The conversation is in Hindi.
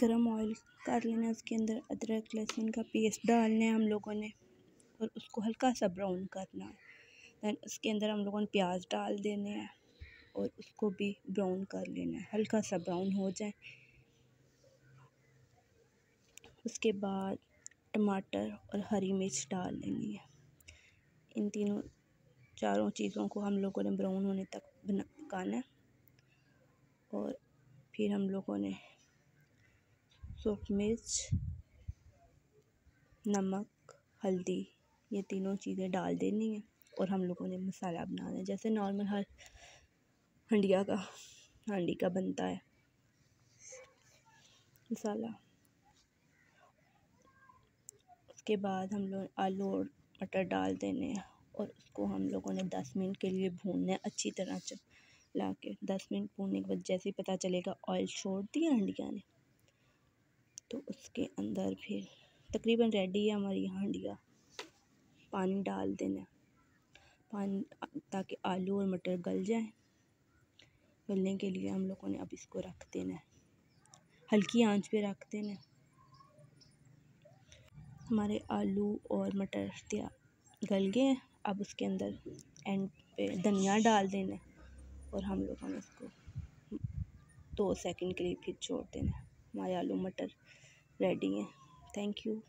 गरम ऑयल कर लेना है उसके अंदर अदरक लहसुन का पेस्ट डालना है हम लोगों ने और उसको हल्का सा ब्राउन करना है दैन उसके अंदर हम लोगों ने प्याज डाल देने हैं और उसको भी ब्राउन कर लेना है हल्का सा ब्राउन हो जाए उसके बाद टमाटर और हरी मिर्च डाल लेनी है इन तीनों चारों चीज़ों को हम लोगों ने ब्राउन होने तक बना पकाना है और फिर हम लोगों ने सूख मिर्च नमक हल्दी ये तीनों चीज़ें डाल देनी है और हम लोगों ने मसाला बनाना है जैसे नॉर्मल हर हंडिया का हांडी का बनता है मसाला उसके बाद हम लोग आलू और मटर डाल देने हैं और उसको हम लोगों ने दस मिनट के लिए भूनना है अच्छी तरह चला के दस मिनट भूनने के बाद जैसे ही पता चलेगा ऑयल छोड़ दिया हंडिया ने तो उसके अंदर फिर तकरीबन रेडी है हमारी हांडिया पानी डाल देना पानी ताकि आलू और मटर गल जाए गलने के लिए हम लोगों ने अब इसको रख देना है हल्की आंच पे रख देना हमारे आलू और मटर गल गए हैं अब उसके अंदर एंड पे धनिया डाल देना और हम लोगों ने इसको दो सेकंड के लिए फिर छोड़ देना हमारे आलू मटर रेडी हैं थैंक यू